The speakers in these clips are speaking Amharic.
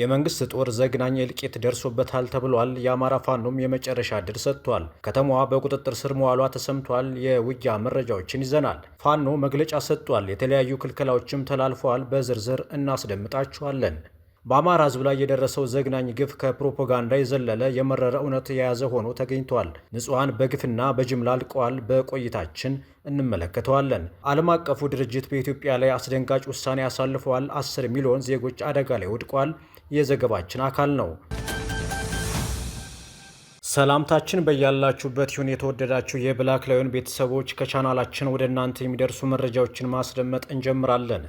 የመንግስት ጦር ዘግናኝ እልቂት ደርሶበታል ተብሏል። የአማራ ፋኖም የመጨረሻ ድል ሰጥቷል። ከተማዋ በቁጥጥር ስር መዋሏ ተሰምቷል። የውጊያ መረጃዎችን ይዘናል። ፋኖ መግለጫ ሰጥቷል። የተለያዩ ክልከላዎችም ተላልፈዋል። በዝርዝር እናስደምጣችኋለን። በአማራ ህዝብ ላይ የደረሰው ዘግናኝ ግፍ ከፕሮፓጋንዳ የዘለለ የመረረ እውነት የያዘ ሆኖ ተገኝቷል። ንጹሐን በግፍና በጅምላ አልቀዋል። በቆይታችን እንመለከተዋለን። ዓለም አቀፉ ድርጅት በኢትዮጵያ ላይ አስደንጋጭ ውሳኔ አሳልፈዋል። 10 ሚሊዮን ዜጎች አደጋ ላይ ወድቋል። የዘገባችን አካል ነው። ሰላምታችን በያላችሁበት ይሁን። የተወደዳችሁ የብላክ ላዮን ቤተሰቦች ከቻናላችን ወደ እናንተ የሚደርሱ መረጃዎችን ማስደመጥ እንጀምራለን።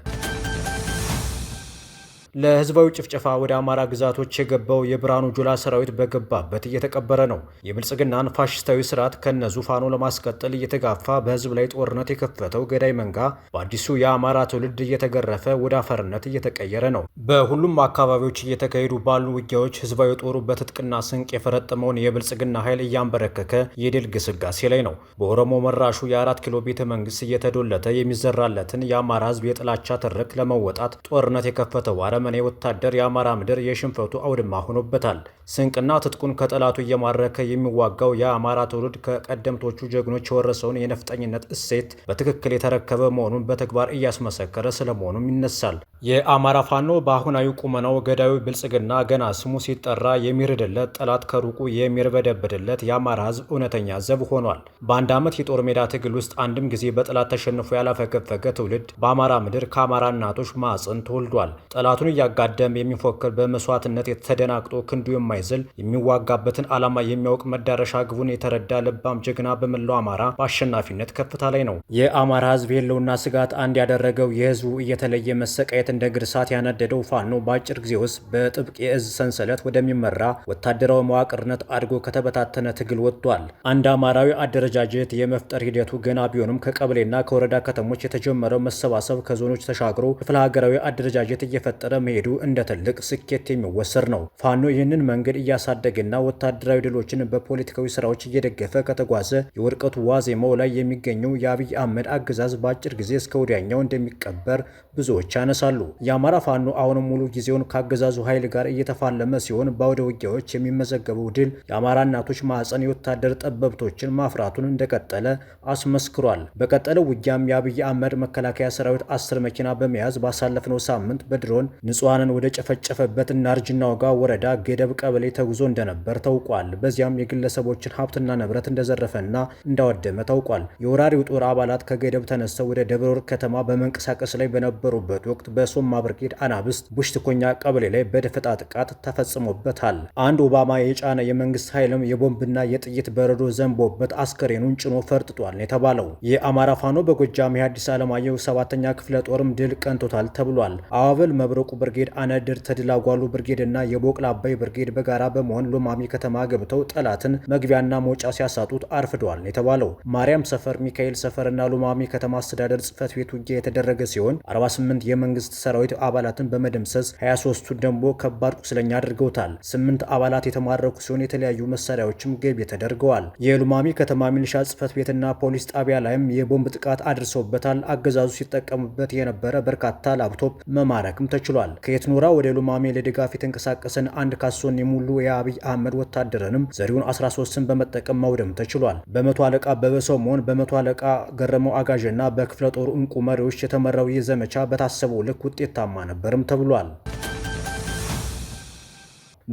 ለህዝባዊ ጭፍጨፋ ወደ አማራ ግዛቶች የገባው የብርሃኑ ጁላ ሰራዊት በገባበት እየተቀበረ ነው። የብልጽግናን ፋሽስታዊ ስርዓት ከነ ዙፋኑ ለማስቀጠል እየተጋፋ በህዝብ ላይ ጦርነት የከፈተው ገዳይ መንጋ በአዲሱ የአማራ ትውልድ እየተገረፈ ወደ አፈርነት እየተቀየረ ነው። በሁሉም አካባቢዎች እየተካሄዱ ባሉ ውጊያዎች ህዝባዊ ጦሩ በትጥቅና ስንቅ የፈረጠመውን የብልጽግና ኃይል እያንበረከከ የድል ግስጋሴ ላይ ነው። በኦሮሞ መራሹ የአራት ኪሎ ቤተ መንግስት እየተዶለተ የሚዘራለትን የአማራ ህዝብ የጥላቻ ትርክ ለመወጣት ጦርነት የከፈተው አረመ የአረመኔ ወታደር የአማራ ምድር የሽንፈቱ አውድማ ሆኖበታል። ስንቅና ትጥቁን ከጠላቱ እየማረከ የሚዋጋው የአማራ ትውልድ ከቀደምቶቹ ጀግኖች የወረሰውን የነፍጠኝነት እሴት በትክክል የተረከበ መሆኑን በተግባር እያስመሰከረ ስለመሆኑም ይነሳል። የአማራ ፋኖ በአሁናዊ ቁመናው ገዳዩ ብልጽግና ገና ስሙ ሲጠራ የሚርድለት ጠላት ከሩቁ የሚርበደብድለት የአማራ ህዝብ እውነተኛ ዘብ ሆኗል። በአንድ ዓመት የጦር ሜዳ ትግል ውስጥ አንድም ጊዜ በጠላት ተሸንፎ ያላፈገፈገ ትውልድ በአማራ ምድር ከአማራ እናቶች ማጽን ተወልዷል። ጠላቱን እያጋደም የሚፎክር በመስዋዕትነት የተደናግጦ ክንዱ የማይዝል የሚዋጋበትን ዓላማ የሚያውቅ መዳረሻ ግቡን የተረዳ ልባም ጀግና በመላው አማራ በአሸናፊነት ከፍታ ላይ ነው። የአማራ ሕዝብ የለውና ስጋት አንድ ያደረገው የህዝቡ እየተለየ መሰቃየት ውጤት እንደ ግርሳት ያነደደው ፋኖ በአጭር ጊዜ ውስጥ በጥብቅ የእዝ ሰንሰለት ወደሚመራ ወታደራዊ መዋቅርነት አድጎ ከተበታተነ ትግል ወጥቷል። አንድ አማራዊ አደረጃጀት የመፍጠር ሂደቱ ገና ቢሆንም ከቀበሌና ከወረዳ ከተሞች የተጀመረው መሰባሰብ ከዞኖች ተሻግሮ ክፍለ ሀገራዊ አደረጃጀት እየፈጠረ መሄዱ እንደ ትልቅ ስኬት የሚወሰድ ነው። ፋኖ ይህንን መንገድ እያሳደገና ወታደራዊ ድሎችን በፖለቲካዊ ስራዎች እየደገፈ ከተጓዘ የውድቀቱ ዋዜማው ላይ የሚገኘው የአብይ አህመድ አገዛዝ በአጭር ጊዜ እስከ ወዲያኛው እንደሚቀበር ብዙዎች ያነሳሉ። ይገኛሉ። የአማራ ፋኖ አሁንም ሙሉ ጊዜውን ከአገዛዙ ኃይል ጋር እየተፋለመ ሲሆን በአውደ ውጊያዎች የሚመዘገበው ድል የአማራ እናቶች ማዕፀን የወታደር ጠበብቶችን ማፍራቱን እንደቀጠለ አስመስክሯል። በቀጠለው ውጊያም የአብይ አህመድ መከላከያ ሰራዊት አስር መኪና በመያዝ ባሳለፍነው ሳምንት በድሮን ንጹሐንን ወደ ጨፈጨፈበት እናርጅና ወጋ ወረዳ ገደብ ቀበሌ ተጉዞ እንደነበር ታውቋል። በዚያም የግለሰቦችን ሀብትና ንብረት እንደዘረፈና እንዳወደመ ታውቋል። የወራሪው ጦር አባላት ከገደብ ተነስተው ወደ ደብረ ወርቅ ከተማ በመንቀሳቀስ ላይ በነበሩበት ወቅት በ የሶማ ብርጌድ አናብስት ቡሽትኮኛ ቀበሌ ላይ በደፈጣ ጥቃት ተፈጽሞበታል። አንድ ኦባማ የጫነ የመንግስት ኃይልም የቦምብና የጥይት በረዶ ዘንቦበት አስከሬኑን ጭኖ ፈርጥጧል የተባለው የአማራ ፋኖ በጎጃም የሐዲስ ዓለማየሁ ሰባተኛ ክፍለ ጦርም ድል ቀንቶታል ተብሏል። አዋብል መብረቁ ብርጌድ፣ አነድር ተድላጓሉ ብርጌድ እና የቦቅል አባይ ብርጌድ በጋራ በመሆን ሎማሚ ከተማ ገብተው ጠላትን መግቢያና መውጫ ሲያሳጡት አርፍደዋል የተባለው ማርያም ሰፈር፣ ሚካኤል ሰፈር እና ሎማሚ ከተማ አስተዳደር ጽህፈት ቤት ውጊያ የተደረገ ሲሆን 48 የመንግስት ሰራዊት አባላትን በመደምሰስ 23 ቱ ደግሞ ከባድ ቁስለኛ አድርገውታል። ስምንት አባላት የተማረኩ ሲሆን የተለያዩ መሳሪያዎችም ገቢ ተደርገዋል። የሉማሚ ከተማ ሚሊሻ ጽህፈት ቤትና ፖሊስ ጣቢያ ላይም የቦምብ ጥቃት አድርሰውበታል። አገዛዙ ሲጠቀሙበት የነበረ በርካታ ላፕቶፕ መማረክም ተችሏል። ከየትኖራ ወደ ሉማሜ ለድጋፍ የተንቀሳቀሰን አንድ ካሶን የሙሉ የአብይ አህመድ ወታደርንም ዘሪውን 13ን በመጠቀም መውደም ተችሏል። በመቶ አለቃ በበሰው መሆን በመቶ አለቃ ገረመው አጋዥና በክፍለ እንቁ መሪዎች የተመራው ይህ ዘመቻ በታሰበው ልክ ውጤታማ ነበርም ተብሏል።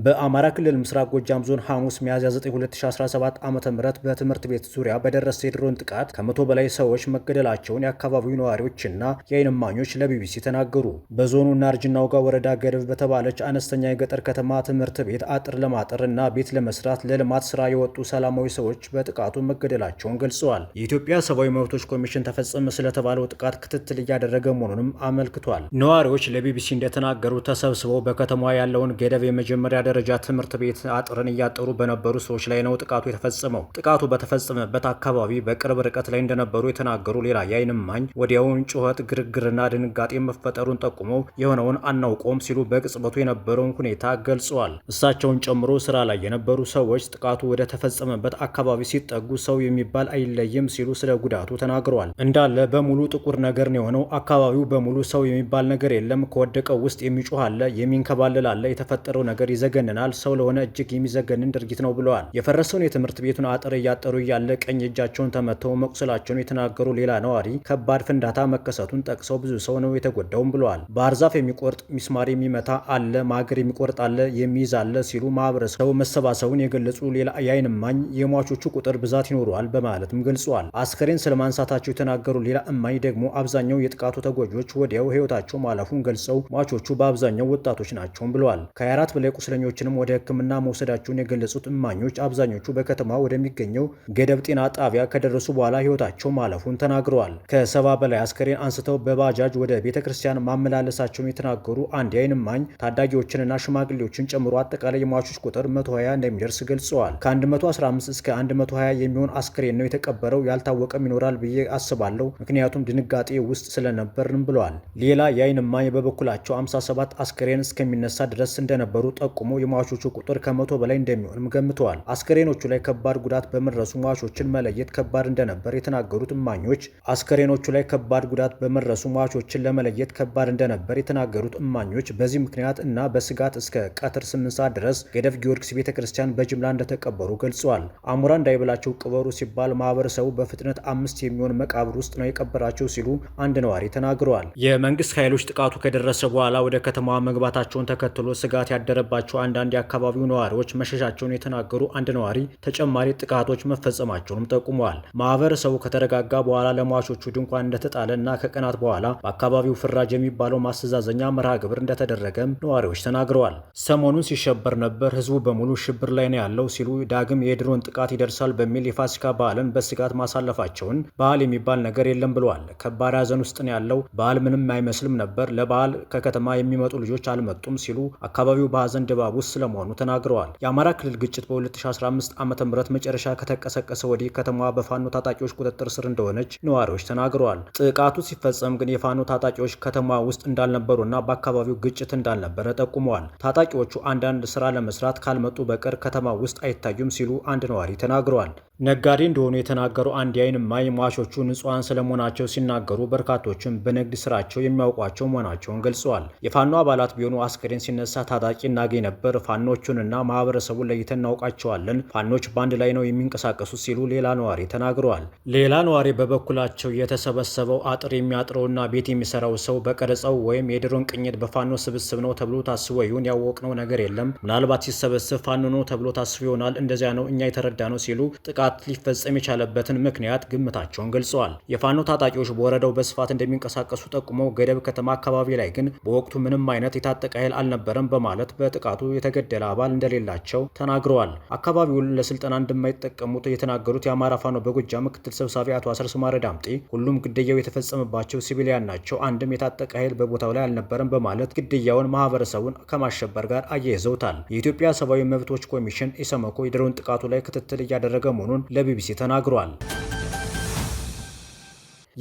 በአማራ ክልል ምስራቅ ጎጃም ዞን ሐሙስ ሚያዝያ 9 2017 ዓ ም በትምህርት ቤት ዙሪያ በደረሰ የድሮን ጥቃት ከመቶ በላይ ሰዎች መገደላቸውን የአካባቢው ነዋሪዎችና የዓይን እማኞች ለቢቢሲ ተናገሩ። በዞኑ ናርጅና ውጋ ወረዳ ገደብ በተባለች አነስተኛ የገጠር ከተማ ትምህርት ቤት አጥር ለማጠር እና ቤት ለመስራት ለልማት ስራ የወጡ ሰላማዊ ሰዎች በጥቃቱ መገደላቸውን ገልጸዋል። የኢትዮጵያ ሰብአዊ መብቶች ኮሚሽን ተፈጸመ ስለተባለው ጥቃት ክትትል እያደረገ መሆኑንም አመልክቷል። ነዋሪዎች ለቢቢሲ እንደተናገሩ ተሰብስበው በከተማዋ ያለውን ገደብ የመጀመሪያ ደረጃ ትምህርት ቤት አጥርን እያጠሩ በነበሩ ሰዎች ላይ ነው ጥቃቱ የተፈጸመው። ጥቃቱ በተፈጸመበት አካባቢ በቅርብ ርቀት ላይ እንደነበሩ የተናገሩ ሌላ የዓይን እማኝ ወዲያውን ጩኸት፣ ግርግርና ድንጋጤ መፈጠሩን ጠቁመው የሆነውን አናውቆም ሲሉ በቅጽበቱ የነበረውን ሁኔታ ገልጸዋል። እሳቸውን ጨምሮ ስራ ላይ የነበሩ ሰዎች ጥቃቱ ወደ ተፈጸመበት አካባቢ ሲጠጉ ሰው የሚባል አይለይም ሲሉ ስለ ጉዳቱ ተናግረዋል። እንዳለ በሙሉ ጥቁር ነገር ነው የሆነው። አካባቢው በሙሉ ሰው የሚባል ነገር የለም። ከወደቀው ውስጥ የሚጮህ አለ፣ የሚንከባለል አለ። የተፈጠረው ነገር ይዘግ ይዘገንናል፣ ሰው ለሆነ እጅግ የሚዘገንን ድርጊት ነው ብለዋል። የፈረሰውን የትምህርት ቤቱን አጥር እያጠሩ እያለ ቀኝ እጃቸውን ተመተው መቁሰላቸውን የተናገሩ ሌላ ነዋሪ ከባድ ፍንዳታ መከሰቱን ጠቅሰው ብዙ ሰው ነው የተጎዳውም ብለዋል። ባህር ዛፍ የሚቆርጥ ሚስማር የሚመታ አለ፣ ማገር የሚቆርጥ አለ፣ የሚይዝ አለ ሲሉ ማህበረሰቡ መሰባሰቡን የገለጹ ሌላ የአይን እማኝ የሟቾቹ ቁጥር ብዛት ይኖረዋል በማለትም ገልጸዋል። አስከሬን ስለማንሳታቸው የተናገሩ ሌላ እማኝ ደግሞ አብዛኛው የጥቃቱ ተጎጆች ወዲያው ህይወታቸው ማለፉን ገልጸው ሟቾቹ በአብዛኛው ወጣቶች ናቸውም ብለዋል። ከ24 በላይ ቁስለኞ ቁስለኞችንም ወደ ሕክምና መውሰዳቸውን የገለጹት እማኞች አብዛኞቹ በከተማ ወደሚገኘው ገደብ ጤና ጣቢያ ከደረሱ በኋላ ህይወታቸው ማለፉን ተናግረዋል። ከሰባ በላይ አስከሬን አንስተው በባጃጅ ወደ ቤተ ክርስቲያን ማመላለሳቸውን የተናገሩ አንድ የዓይን እማኝ ታዳጊዎችንና ሽማግሌዎችን ጨምሮ አጠቃላይ የሟቾች ቁጥር 120 እንደሚደርስ ገልጸዋል። ከ115 እስከ 120 የሚሆን አስክሬን ነው የተቀበረው። ያልታወቀም ይኖራል ብዬ አስባለሁ፣ ምክንያቱም ድንጋጤ ውስጥ ስለነበርንም ብለዋል። ሌላ የዓይን እማኝ በበኩላቸው 57 አስክሬን እስከሚነሳ ድረስ እንደነበሩ ጠቁ ተጠቁሞ የሟቾቹ ቁጥር ከመቶ በላይ እንደሚሆንም ገምተዋል። አስከሬኖቹ ላይ ከባድ ጉዳት በመድረሱ ሟቾችን መለየት ከባድ እንደነበር የተናገሩት እማኞች አስከሬኖቹ ላይ ከባድ ጉዳት በመድረሱ ሟቾችን ለመለየት ከባድ እንደነበር የተናገሩት እማኞች በዚህ ምክንያት እና በስጋት እስከ ቀትር ስምንት ሰዓት ድረስ ገደፍ ጊዮርጊስ ቤተ ክርስቲያን በጅምላ እንደተቀበሩ ገልጸዋል። አሞራ እንዳይበላቸው ቅበሩ ሲባል ማህበረሰቡ በፍጥነት አምስት የሚሆን መቃብር ውስጥ ነው የቀበራቸው ሲሉ አንድ ነዋሪ ተናግረዋል። የመንግስት ኃይሎች ጥቃቱ ከደረሰ በኋላ ወደ ከተማዋ መግባታቸውን ተከትሎ ስጋት ያደረባቸው ያላቸው አንዳንድ የአካባቢው ነዋሪዎች መሸሻቸውን የተናገሩ አንድ ነዋሪ ተጨማሪ ጥቃቶች መፈጸማቸውንም ጠቁመዋል። ማህበረሰቡ ከተረጋጋ በኋላ ለሟቾቹ ድንኳን እንደተጣለ እና ከቀናት በኋላ በአካባቢው ፍራጅ የሚባለው ማስተዛዘኛ መርሃ ግብር እንደተደረገም ነዋሪዎች ተናግረዋል። ሰሞኑን ሲሸበር ነበር፣ ህዝቡ በሙሉ ሽብር ላይ ነው ያለው ሲሉ ዳግም የድሮን ጥቃት ይደርሳል በሚል የፋሲካ በዓልን በስጋት ማሳለፋቸውን በዓል የሚባል ነገር የለም ብለዋል። ከባድ ሀዘን ውስጥ ነው ያለው። በዓል ምንም አይመስልም ነበር። ለበዓል ከከተማ የሚመጡ ልጆች አልመጡም ሲሉ አካባቢው በሀዘን ድባ ድባብ ውስጥ ስለመሆኑ ተናግረዋል። የአማራ ክልል ግጭት በ2015 ዓ ም መጨረሻ ከተቀሰቀሰ ወዲህ ከተማዋ በፋኖ ታጣቂዎች ቁጥጥር ስር እንደሆነች ነዋሪዎች ተናግረዋል። ጥቃቱ ሲፈጸም ግን የፋኖ ታጣቂዎች ከተማ ውስጥ እንዳልነበሩና በአካባቢው ግጭት እንዳልነበረ ጠቁመዋል። ታጣቂዎቹ አንዳንድ ስራ ለመስራት ካልመጡ በቀር ከተማ ውስጥ አይታዩም ሲሉ አንድ ነዋሪ ተናግረዋል። ነጋዴ እንደሆኑ የተናገሩ አንድ የዓይን እማኝ ሟቾቹ ንጹሐን ስለመሆናቸው ሲናገሩ በርካቶችም በንግድ ስራቸው የሚያውቋቸው መሆናቸውን ገልጸዋል። የፋኖ አባላት ቢሆኑ አስክሬን ሲነሳ ታጣቂ እናገኝ ነበር፣ ፋኖቹንና ማህበረሰቡን ለይተን እናውቃቸዋለን፣ ፋኖች በአንድ ላይ ነው የሚንቀሳቀሱት ሲሉ ሌላ ነዋሪ ተናግረዋል። ሌላ ነዋሪ በበኩላቸው የተሰበሰበው አጥር የሚያጥረውና ቤት የሚሰራው ሰው በቀረጸው ወይም የድሮን ቅኝት በፋኖ ስብስብ ነው ተብሎ ታስቦ ይሁን ያወቅነው ነገር የለም፣ ምናልባት ሲሰበስብ ፋኖ ነው ተብሎ ታስቦ ይሆናል፣ እንደዚያ ነው እኛ የተረዳ ነው ሲሉ ጥቃ ጥቃት ሊፈጸም የቻለበትን ምክንያት ግምታቸውን ገልጸዋል። የፋኖ ታጣቂዎች በወረዳው በስፋት እንደሚንቀሳቀሱ ጠቁመው ገደብ ከተማ አካባቢ ላይ ግን በወቅቱ ምንም አይነት የታጠቀ ኃይል አልነበረም በማለት በጥቃቱ የተገደለ አባል እንደሌላቸው ተናግረዋል። አካባቢውን ለስልጠና እንደማይጠቀሙት የተናገሩት የአማራ ፋኖ በጎጃም ምክትል ሰብሳቢ አቶ አስረስ ማረ ዳምጤ ሁሉም ግድያው የተፈጸመባቸው ሲቪሊያን ናቸው፣ አንድም የታጠቀ ኃይል በቦታው ላይ አልነበረም በማለት ግድያውን ማህበረሰቡን ከማሸበር ጋር አያይዘውታል። የኢትዮጵያ ሰብአዊ መብቶች ኮሚሽን ኢሰመኮ የድሮን ጥቃቱ ላይ ክትትል እያደረገ መሆኑን መሆኑን ለቢቢሲ ተናግሯል።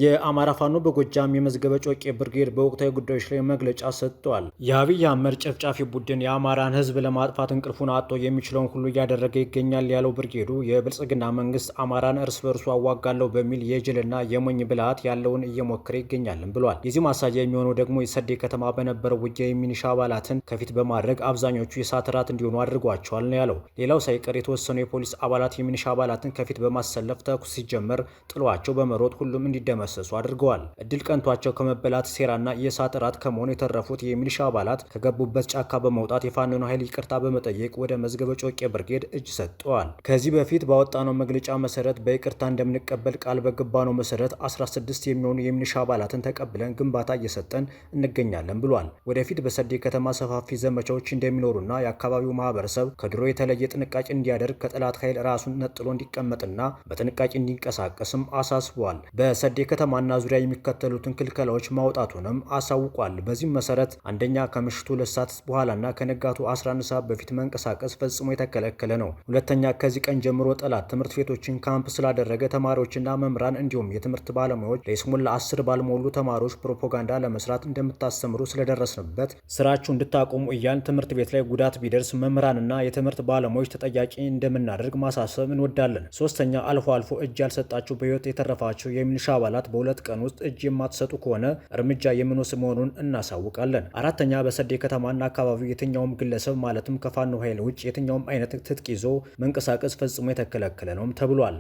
የአማራ ፋኖ በጎጃም የመዝገበ ጮቄ ብርጌድ በወቅታዊ ጉዳዮች ላይ መግለጫ ሰጥቷል። የአብይ አህመድ ጨፍጫፊ ቡድን የአማራን ህዝብ ለማጥፋት እንቅልፉን አጦ የሚችለውን ሁሉ እያደረገ ይገኛል ያለው ብርጌዱ የብልጽግና መንግስት አማራን እርስ በርሱ አዋጋለሁ በሚል የጅልና የሞኝ ብልሃት ያለውን እየሞከረ ይገኛልም ብሏል። የዚህ ማሳያ የሚሆነው ደግሞ የሰዴ ከተማ በነበረው ውጊያ የሚኒሻ አባላትን ከፊት በማድረግ አብዛኞቹ የሳትራት እንዲሆኑ አድርጓቸዋል ነው ያለው። ሌላው ሳይቀር የተወሰኑ የፖሊስ አባላት የሚኒሻ አባላትን ከፊት በማሰለፍ ተኩስ ሲጀመር ጥሏቸው በመሮጥ ሁሉም እንዲደመ እንዲደመሰሱ አድርገዋል። እድል ቀንቷቸው ከመበላት ሴራና የእሳት እራት ከመሆኑ የተረፉት የሚሊሻ አባላት ከገቡበት ጫካ በመውጣት የፋኖኑ ኃይል ይቅርታ በመጠየቅ ወደ መዝገበ ጮቄ ብርጌድ እጅ ሰጥተዋል። ከዚህ በፊት ባወጣነው መግለጫ መሰረት በይቅርታ እንደምንቀበል ቃል በገባነው መሰረት 16 የሚሆኑ የሚሊሻ አባላትን ተቀብለን ግንባታ እየሰጠን እንገኛለን ብሏል። ወደፊት በሰዴ ከተማ ሰፋፊ ዘመቻዎች እንደሚኖሩና የአካባቢው ማህበረሰብ ከድሮ የተለየ ጥንቃቄ እንዲያደርግ ከጠላት ኃይል ራሱን ነጥሎ እንዲቀመጥና በጥንቃቄ እንዲንቀሳቀስም አሳስቧል። በሰዴ ከተማና ዙሪያ የሚከተሉትን ክልከላዎች ማውጣቱንም አሳውቋል። በዚህም መሰረት አንደኛ ከምሽቱ ሁለት ሰዓት በኋላና ከንጋቱ 11 ሰዓት በፊት መንቀሳቀስ ፈጽሞ የተከለከለ ነው። ሁለተኛ ከዚህ ቀን ጀምሮ ጠላት ትምህርት ቤቶችን ካምፕ ስላደረገ ተማሪዎችና መምህራን እንዲሁም የትምህርት ባለሙያዎች ለይስሙላ አስር ባልሞሉ ተማሪዎች ፕሮፓጋንዳ ለመስራት እንደምታስተምሩ ስለደረስንበት ስራችሁ እንድታቆሙ እያልን ትምህርት ቤት ላይ ጉዳት ቢደርስ መምህራንና የትምህርት ባለሙያዎች ተጠያቂ እንደምናደርግ ማሳሰብ እንወዳለን። ሶስተኛ አልፎ አልፎ እጅ ያልሰጣችሁ በህይወት የተረፋችሁ የሚሊሻ አባላት አካላት በሁለት ቀን ውስጥ እጅ የማትሰጡ ከሆነ እርምጃ የምንወስድ መሆኑን እናሳውቃለን። አራተኛ በሰዴ ከተማና አካባቢው የትኛውም ግለሰብ ማለትም ከፋኖ ኃይል ውጭ የትኛውም አይነት ትጥቅ ይዞ መንቀሳቀስ ፈጽሞ የተከለከለ ነውም ተብሏል።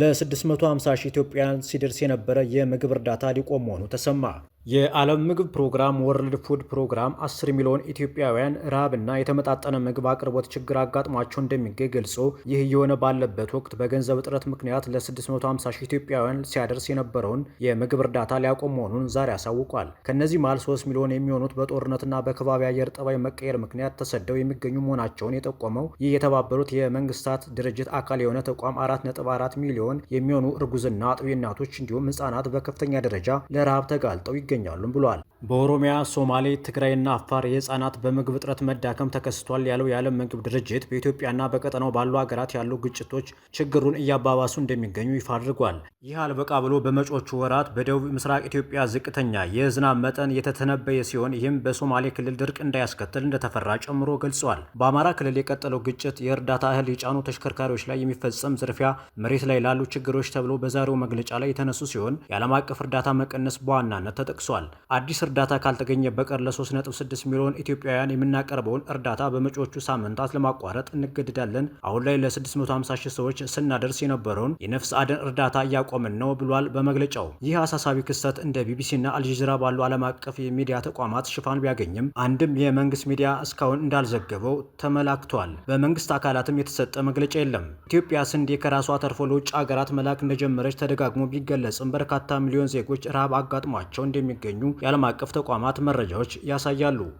ለ650 ሺህ ኢትዮጵያውያን ሲደርስ የነበረ የምግብ እርዳታ ሊቆም መሆኑ ተሰማ። የዓለም ምግብ ፕሮግራም ወርልድ ፉድ ፕሮግራም 10 ሚሊዮን ኢትዮጵያውያን ረሃብና የተመጣጠነ ምግብ አቅርቦት ችግር አጋጥሟቸው እንደሚገኝ ገልጾ ይህ እየሆነ ባለበት ወቅት በገንዘብ እጥረት ምክንያት ለ650 ሺህ ኢትዮጵያውያን ሲያደርስ የነበረውን የምግብ እርዳታ ሊያቆም መሆኑን ዛሬ አሳውቋል። ከእነዚህ መሃል 3 ሚሊዮን የሚሆኑት በጦርነትና በከባቢ አየር ጠባይ መቀየር ምክንያት ተሰደው የሚገኙ መሆናቸውን የጠቆመው ይህ የተባበሩት የመንግስታት ድርጅት አካል የሆነ ተቋም 4.4 ሚሊዮን የሚሆኑ እርጉዝና አጥቢ እናቶች እንዲሁም ህጻናት በከፍተኛ ደረጃ ለረሃብ ተጋልጠው ይገኛል። ይገኛሉም ብለዋል። በኦሮሚያ ሶማሌ፣ ትግራይና አፋር የህፃናት በምግብ እጥረት መዳከም ተከስቷል ያለው የዓለም ምግብ ድርጅት በኢትዮጵያና በቀጠናው ባሉ ሀገራት ያሉ ግጭቶች ችግሩን እያባባሱ እንደሚገኙ ይፋ አድርጓል። ይህ አልበቃ ብሎ በመጮቹ ወራት በደቡብ ምስራቅ ኢትዮጵያ ዝቅተኛ የዝናብ መጠን የተተነበየ ሲሆን ይህም በሶማሌ ክልል ድርቅ እንዳያስከትል እንደተፈራ ጨምሮ ገልጿል። በአማራ ክልል የቀጠለው ግጭት የእርዳታ እህል የጫኑ ተሽከርካሪዎች ላይ የሚፈጸም ዝርፊያ፣ መሬት ላይ ላሉ ችግሮች ተብሎ በዛሬው መግለጫ ላይ የተነሱ ሲሆን የዓለም አቀፍ እርዳታ መቀነስ በዋናነት ተጠቅሷል። አዲስ እርዳታ ካልተገኘ በቀር ለ3.6 ሚሊዮን ኢትዮጵያውያን የምናቀርበውን እርዳታ በመጪዎቹ ሳምንታት ለማቋረጥ እንገድዳለን። አሁን ላይ ለ650 ሺህ ሰዎች ስናደርስ የነበረውን የነፍስ አድን እርዳታ እያቆምን ነው ብሏል በመግለጫው። ይህ አሳሳቢ ክስተት እንደ ቢቢሲና አልጀዚራ ባሉ ዓለም አቀፍ የሚዲያ ተቋማት ሽፋን ቢያገኝም አንድም የመንግስት ሚዲያ እስካሁን እንዳልዘገበው ተመላክቷል። በመንግስት አካላትም የተሰጠ መግለጫ የለም። ኢትዮጵያ ስንዴ ከራሷ ተርፎ ለውጭ ሀገራት መላክ እንደጀመረች ተደጋግሞ ቢገለጽም በርካታ ሚሊዮን ዜጎች ረሃብ አጋጥሟቸው እንደሚገኙ የዓለም አቀፍ ተቋማት መረጃዎች ያሳያሉ።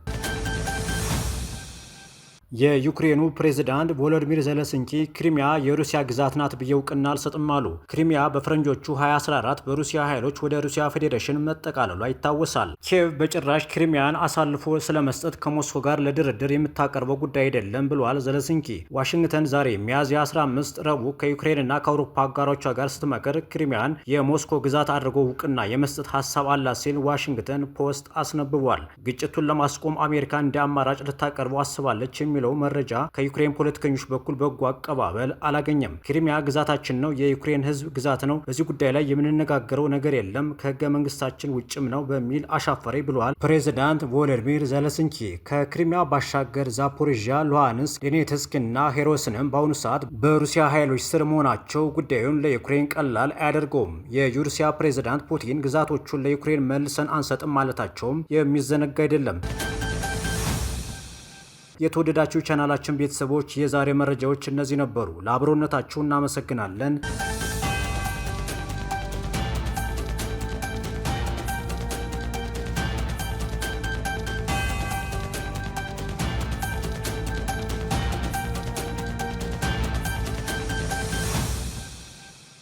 የዩክሬኑ ፕሬዝዳንት ቮሎዲሚር ዘለንስኪ ክሪሚያ የሩሲያ ግዛት ናት ብዬ እውቅና አልሰጥም አሉ። ክሪሚያ በፈረንጆቹ 2014 በሩሲያ ኃይሎች ወደ ሩሲያ ፌዴሬሽን መጠቃለሏ ይታወሳል። ኪየቭ በጭራሽ ክሪሚያን አሳልፎ ስለመስጠት ከሞስኮ ጋር ለድርድር የምታቀርበው ጉዳይ አይደለም ብሏል ዘለንስኪ። ዋሽንግተን ዛሬ ሚያዝያ 15 ረቡዕ ከዩክሬንና ከአውሮፓ አጋሮቿ ጋር ስትመክር ክሪሚያን የሞስኮ ግዛት አድርጎ እውቅና የመስጠት ሀሳብ አላት ሲል ዋሽንግተን ፖስት አስነብቧል። ግጭቱን ለማስቆም አሜሪካ እንደ አማራጭ ልታቀርበው አስባለች የሚ የሚለው መረጃ ከዩክሬን ፖለቲከኞች በኩል በጎ አቀባበል አላገኘም። ክሪሚያ ግዛታችን ነው፣ የዩክሬን ህዝብ ግዛት ነው። በዚህ ጉዳይ ላይ የምንነጋገረው ነገር የለም፣ ከህገ መንግስታችን ውጭም ነው በሚል አሻፈሬ ብለዋል ፕሬዚዳንት ቮሎዲሚር ዘለስንኪ። ከክሪሚያ ባሻገር ዛፖሪዣ፣ ሉሃንስክ፣ ዶኔትስክ እና ሄሮስንም በአሁኑ ሰዓት በሩሲያ ኃይሎች ስር መሆናቸው ጉዳዩን ለዩክሬን ቀላል አያደርገውም። የሩሲያ ፕሬዚዳንት ፑቲን ግዛቶቹን ለዩክሬን መልሰን አንሰጥም ማለታቸውም የሚዘነጋ አይደለም። የተወደዳችሁ ቻናላችን ቤተሰቦች የዛሬ መረጃዎች እነዚህ ነበሩ። ለአብሮነታችሁ እናመሰግናለን።